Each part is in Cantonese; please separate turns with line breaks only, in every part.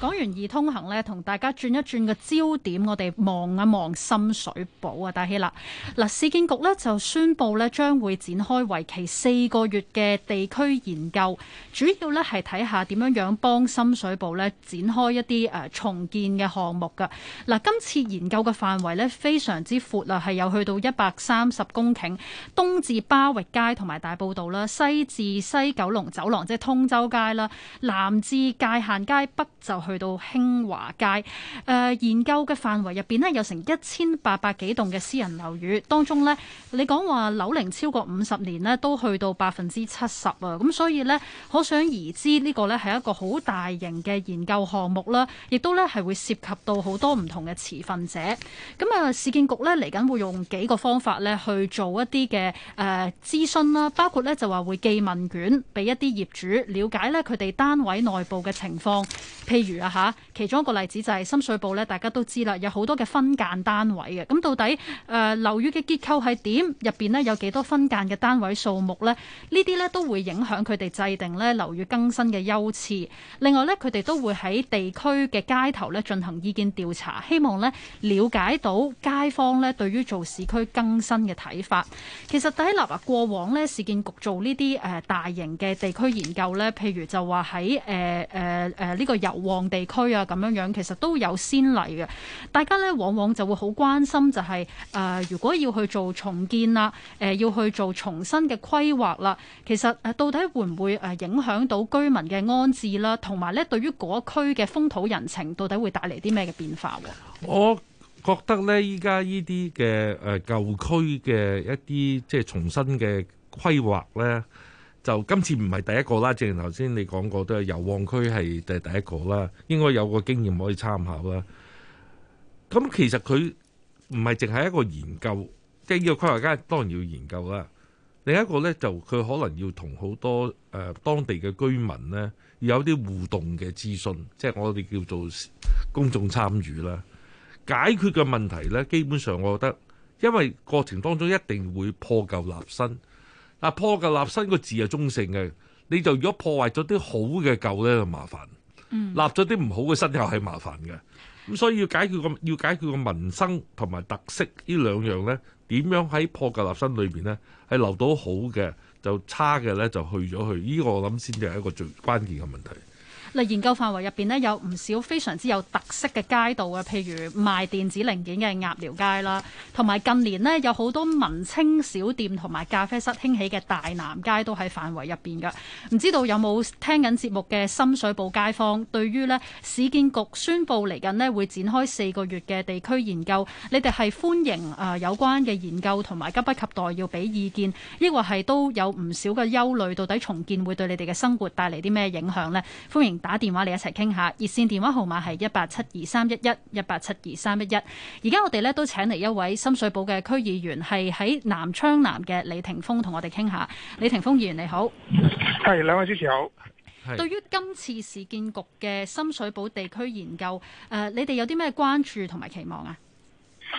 講完易通行咧，同大家轉一轉個焦點，我哋望一望深水埗啊！大喜啦！嗱，市建局呢就宣布呢將會展開為期四個月嘅地區研究，主要呢係睇下點樣樣幫深水埗呢展開一啲重建嘅項目㗎。嗱，今次研究嘅範圍呢非常之闊啊，係有去到一百三十公頃，東至巴域街同埋大埔道啦，西至西九龍走廊即係通州街啦，南至界限街，北就是，去到興華街，誒、呃，研究嘅範圍入邊呢有成一千八百幾棟嘅私人樓宇，當中呢，你講話樓齡超過五十年呢，都去到百分之七十啊，咁所以呢，可想而知呢個呢係一個好大型嘅研究項目啦，亦都呢係會涉及到好多唔同嘅持份者。咁啊，市建局呢嚟緊會用幾個方法呢去做一啲嘅誒諮詢啦，包括呢就話會寄問卷俾一啲業主，了解呢佢哋單位內部嘅情況，譬如。嗱吓，其中一個例子就係深水埗咧，大家都知啦，有好多嘅分間單位嘅。咁到底誒、呃、樓宇嘅結構係點？入邊咧有幾多分間嘅單位數目呢？呢啲咧都會影響佢哋制定咧樓宇更新嘅優次。另外咧，佢哋都會喺地區嘅街頭咧進行意見調查，希望咧瞭解到街坊咧對於做市區更新嘅睇法。其實喺立白過往呢，市建局做呢啲誒大型嘅地區研究呢，譬如就話喺誒誒誒呢個油旺。地區啊，咁樣樣其實都有先例嘅。大家呢往往就會好關心，就係，就係誒，如果要去做重建啦，誒、呃，要去做重新嘅規劃啦，其實誒，到底會唔會誒影響到居民嘅安置啦，同埋呢，對於嗰區嘅風土人情，到底會帶嚟啲咩嘅變化？
我覺得呢，依家呢啲嘅誒舊區嘅一啲即係重新嘅規劃呢。就今次唔係第一個啦，正如頭先你講過，都係油旺區係第第一個啦，應該有個經驗可以參考啦。咁其實佢唔係淨係一個研究，即係呢個規劃，梗係當然要研究啦。另一個呢，就佢可能要同好多誒、呃、當地嘅居民呢有啲互動嘅諮詢，即係我哋叫做公眾參與啦。解決嘅問題呢，基本上我覺得，因為過程當中一定會破舊立新。啊，破格立新個字係中性嘅，你就如果破壞咗啲好嘅舊咧就麻煩，立咗啲唔好嘅新又係麻煩嘅，咁所以要解決個要解決個民生同埋特色呢兩樣咧，點樣喺破格立新裏邊咧，係留到好嘅，就差嘅咧就去咗去，呢個我諗先至係一個最關鍵嘅問題。
嗱，研究範圍入邊咧有唔少非常之有特色嘅街道啊，譬如賣電子零件嘅鴨寮街啦，同埋近年咧有好多文青小店同埋咖啡室興起嘅大南街都喺範圍入邊嘅。唔知道有冇聽緊節目嘅深水埗街坊，對於咧市建局宣佈嚟緊咧會展開四個月嘅地區研究，你哋係歡迎啊有關嘅研究，同埋急不及待要俾意見，抑或係都有唔少嘅憂慮，到底重建會對你哋嘅生活帶嚟啲咩影響咧？歡迎。打電話嚟一齊傾下，熱線電話號碼係一八七二三一一一八七二三一一。而家我哋咧都請嚟一位深水埗嘅區議員，係喺南昌南嘅李庭豐，同我哋傾下。李庭豐議員你好，
係兩位主持好。對
於今次市建局嘅深水埗地區研究，誒、呃，你哋有啲咩關注同埋期望啊？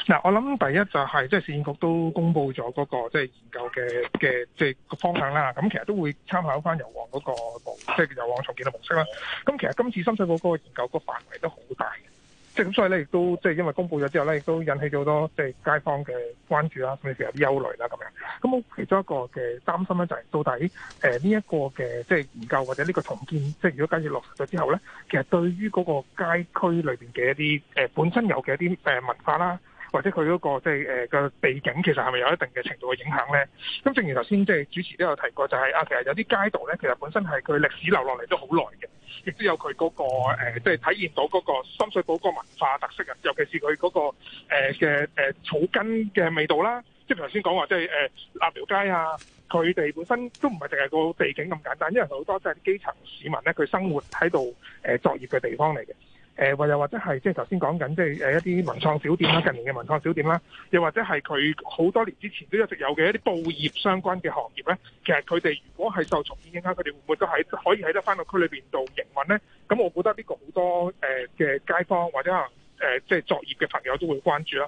嗱，我諗第一就係即係市建局都公布咗嗰個即係研究嘅嘅即係個方向啦。咁其實都會參考翻油旺嗰個模，即係油旺重建嘅模式啦。咁其實今次深水埗嗰個研究個範圍都好大嘅，即係咁所以咧，亦都即係因為公布咗之後咧，亦都引起咗好多即係街坊嘅關注啦，甚至有啲憂慮啦咁樣。咁我其中一個嘅擔心咧就係到底誒呢一個嘅即係研究或者呢個重建，即係如果假設落實咗之後咧，其實對於嗰個街區裏邊嘅一啲誒本身有嘅一啲誒文化啦。或者佢嗰個即係誒個地景，其實係咪有一定嘅程度嘅影響咧？咁正如頭先即係主持都有提過，就係啊，其實有啲街道咧，其實本身係佢歷史留落嚟都好耐嘅，亦都有佢嗰個即係體現到嗰個深水埗嗰個文化特色啊。尤其是佢嗰個嘅誒、呃、草根嘅味道啦。即係頭先講話，即係誒鴨寮街啊，佢哋本身都唔係淨係個地景咁簡單，因為好多即係啲基層市民咧，佢生活喺度誒作業嘅地方嚟嘅。誒又或者係即係頭先講緊即係一啲文創小店啦，近年嘅文創小店啦，又或者係佢好多年之前都有的一直有嘅一啲布業相關嘅行業呢。其實佢哋如果係受重建影響，佢哋會唔會都喺可以喺得返個區裏邊做營運呢？咁我覺得呢個好多誒嘅街坊或者誒即係作業嘅朋友都會關注啦。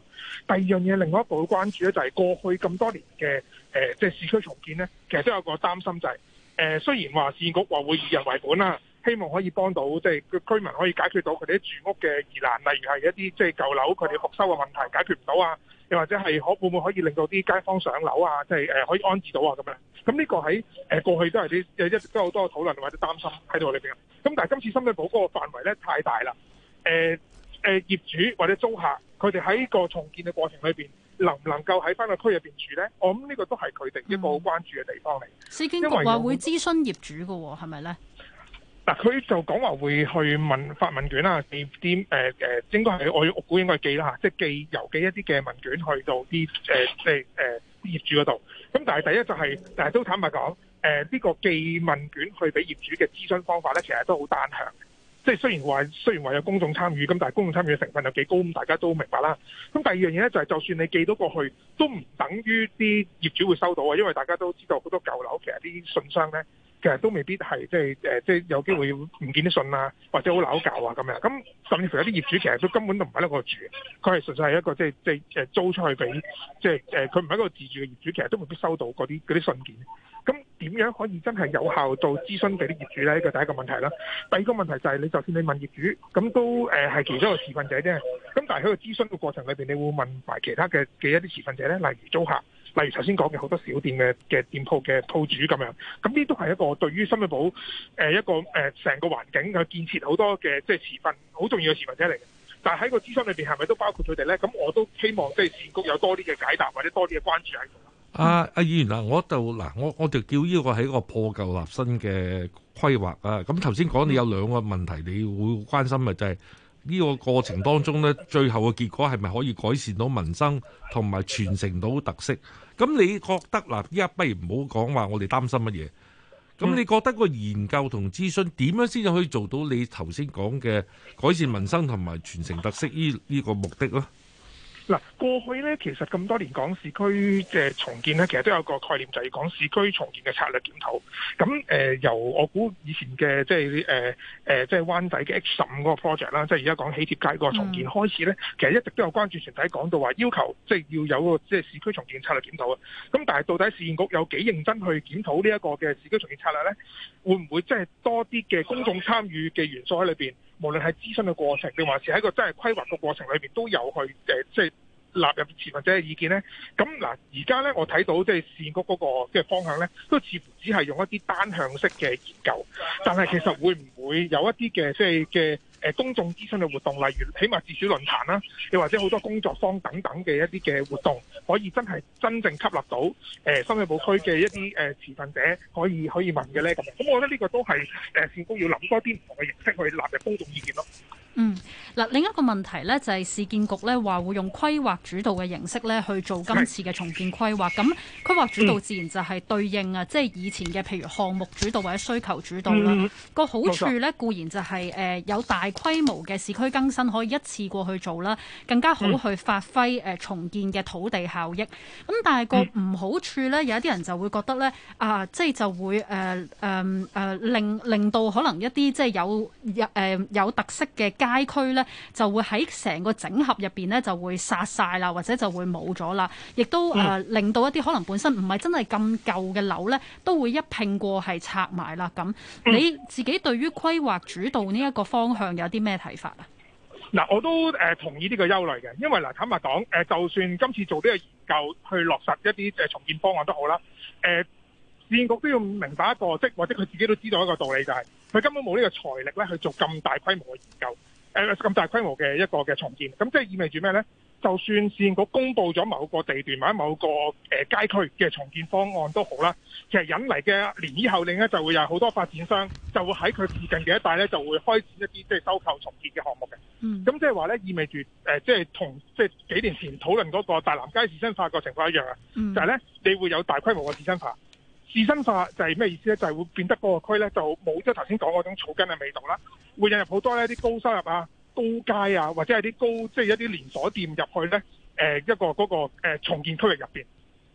第二樣嘢，另外一部會關注呢，就係過去咁多年嘅誒即係市區重建呢，其實都有一個擔心就係、是、誒雖然話市建局話會以人為本啦。希望可以幫到，即、就、係、是、居民可以解決到佢哋啲住屋嘅疑難，例如係一啲即係舊樓佢哋復修嘅問題解決唔到啊，又或者係可會唔會可以令到啲街坊上樓啊，即係誒可以安置到啊咁樣。咁、嗯、呢、這個喺誒、呃、過去都係啲一直都有好多嘅討論或者擔心喺度裏邊。咁但係今次深水埗嗰個範圍咧太大啦，誒、呃、誒、呃、業主或者租客佢哋喺個重建嘅過程裏邊，能唔能夠喺翻個區入邊住咧？我諗呢個都係佢哋一個好關注嘅地方嚟。市建、嗯、局話會諮
詢業主嘅喎，係咪咧？
嗱，佢就講話會去問發問卷啦，寄啲誒誒，應該係我我估應該係寄啦，即係寄郵寄一啲嘅問卷去到啲即誒誒業主嗰度。咁但係第一就係、是，但係都坦白講，誒、這、呢個寄問卷去俾業主嘅諮詢方法咧，其實都好單向。即係雖然話雖然話有公眾參與，咁但係公眾參與嘅成分有幾高，咁大家都明白啦。咁第二樣嘢咧就係、是，就算你寄到過去，都唔等於啲業主會收到啊，因為大家都知道好多舊樓其實啲信箱咧。其實都未必係即係誒，即係有機會唔見啲信啊，或者好鬧交啊咁樣。咁甚至乎有啲業主其實都根本都唔係喺嗰度住，佢係純粹係一個即係即係誒租出去俾即係誒，佢唔係一個自住嘅業主，其實都未必收到嗰啲啲信件。咁點樣可以真係有效做諮詢俾啲業主咧？呢個第一個問題啦。第二個問題就係、是、你，就算你問業主，咁都誒係、呃、其中一個持份者啫。咁但係喺個諮詢嘅過程裏邊，你會問埋其他嘅嘅一啲持份者咧，例如租客。例如頭先講嘅好多小店嘅嘅店鋪嘅鋪主咁樣，咁呢都係一個對於深水埗誒一個誒成、呃、個環境嘅建設好多嘅即係持份好重要嘅持份者嚟嘅。但係喺個諮詢裏邊係咪都包括佢哋咧？咁我都希望即係市建局有多啲嘅解答或者多啲嘅關注喺度。阿阿、
啊啊、議員啊，我就嗱我我就叫呢個係一個破舊立新嘅規劃啊。咁頭先講你有兩個問題，你會關心嘅就係、是。呢個過程當中咧，最後嘅結果係咪可以改善到民生同埋傳承到特色？咁你覺得嗱，依家不如唔好講話我哋擔心乜嘢？咁你覺得個研究同諮詢點樣先至可以做到你頭先講嘅改善民生同埋傳承特色呢呢個目的咧？嗱，
過去咧其實咁多年講市區即重建咧，其實都有個概念，就係、是、講市區重建嘅策略檢討。咁誒、呃，由我估以前嘅即係誒、呃、即係灣仔嘅 H 十五個個 project 啦，即係而家講喜帖街個重建開始咧，嗯、其實一直都有關注團體講到話、就是，要求即係要有個即係市區重建策略檢討啊。咁但係到底市建局有幾認真去檢討呢一個嘅市區重建策略咧？會唔會即係多啲嘅公眾參與嘅元素喺裏面？無論係諮詢嘅過程，定還是喺個真係規劃嘅過程裏面，都有去誒，即係納入市民者嘅意見咧。咁嗱，而家咧我睇到即係市建局嗰個即係方向咧，都似乎只係用一啲單向式嘅研究，但係其實會唔會有一啲嘅即係嘅，就是誒公眾諮詢嘅活動，例如起碼自主論壇啦，又或者好多工作坊等等嘅一啲嘅活動，可以真係真正吸納到誒深水埗區嘅一啲誒持份者可以可以問嘅咧咁，咁我覺得呢個都係誒政府要諗多啲唔同嘅形式去納入公
眾意見咯。嗯，嗱，另一個問題咧就係市建局咧話會用規劃主導嘅形式咧去做今次嘅重建規劃。咁規劃主導自然就係對應啊，嗯、即係以前嘅譬如項目主導或者需求主導啦。嗯嗯嗯、個好處咧固然就係、是、誒、呃、有大規模嘅市區更新可以一次過去做啦，更加好去發揮誒、嗯呃、重建嘅土地效益。咁但係個唔好處咧，有一啲人就會覺得咧啊，即係就會誒誒誒令令到可能一啲即係有誒、呃、有特色嘅。街區咧就會喺成個整合入邊咧就會殺晒啦，或者就會冇咗啦，亦都、呃、令到一啲可能本身唔係真係咁舊嘅樓咧，都會一拼過係拆埋啦。咁你自己對於規劃主導呢一個方向有啲咩睇法啊？
嗱、嗯，我都、呃、同意呢個憂慮嘅，因為嗱，坦白講、呃，就算今次做呢個研究去落實一啲重建方案都好啦，誒、呃、市建局都要明白一個即，或者佢自己都知道一個道理，就係、是、佢根本冇呢個財力咧去做咁大規模嘅研究。咁大規模嘅一個嘅重建，咁即係意味住咩呢？就算市建局公布咗某個地段或者某個誒、呃、街區嘅重建方案都好啦，其實引嚟嘅連綿後令呢，就會有好多發展商就喺佢附近嘅一帶呢，就會開展一啲即係收購重建嘅項目嘅。咁即係話呢，意味住誒，即係同即係幾年前討論嗰個大南街仕紳化個情況一樣啊，嗯、就係呢，你會有大規模嘅仕紳化。自身化就係咩意思咧？就係、是、會變得嗰個區咧，就冇咗頭先講嗰種草根嘅味道啦。會引入好多呢啲高收入啊、高階啊，或者係啲高即係、就是、一啲連鎖店入去咧，一個嗰個重建區域入面。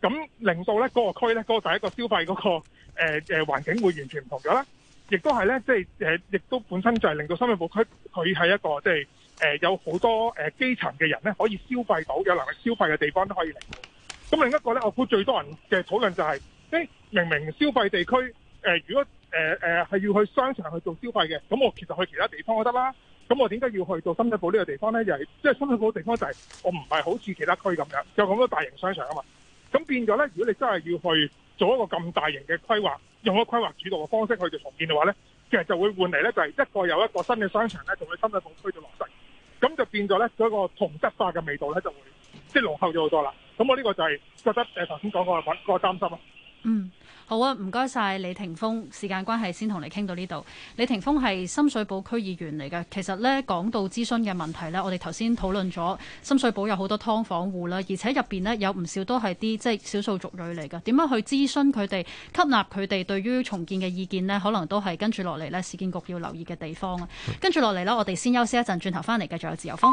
咁令到咧嗰個區咧嗰、那個第一個消費嗰個誒環環境會完全唔同咗啦。亦都係咧，即係亦都本身就係令到深水埗區佢係一個即係、就是、有好多基層嘅人咧可以消費到、有能力消費嘅地方都可以嚟。咁另一個咧，我估最多人嘅討論就係、是明明消費地區，誒、呃、如果誒誒係要去商場去做消費嘅，咁我其實去其他地方都得啦。咁我點解要去做深水埗呢個地方咧？就係即係深水埗嘅地方就係、是、我唔係好似其他區咁樣有咁多大型商場啊嘛。咁變咗咧，如果你真係要去做一個咁大型嘅規劃，用一個規劃主導嘅方式去做重建嘅話咧，其實就會換嚟咧就係、是、一個有一個新嘅商場咧，同佢深水埗區度落實，咁就變咗咧嗰個同質化嘅味道咧就會即係、就是、濃厚咗好多啦。咁我呢個就係覺得誒頭先講嗰個嗰、那個、擔心啊。
嗯，好啊，唔該晒李庭豐。時間關係，先同你傾到呢度。李庭豐係深水埗區議員嚟嘅。其實咧，講到諮詢嘅問題咧，我哋頭先討論咗深水埗有好多㓥房戶啦，而且入邊呢，有唔少都係啲即係少數族裔嚟嘅。點樣去諮詢佢哋，吸納佢哋對於重建嘅意見呢？可能都係跟住落嚟呢，市建局要留意嘅地方啊。跟住落嚟呢，我哋先休息一陣，轉頭翻嚟繼續有自由風。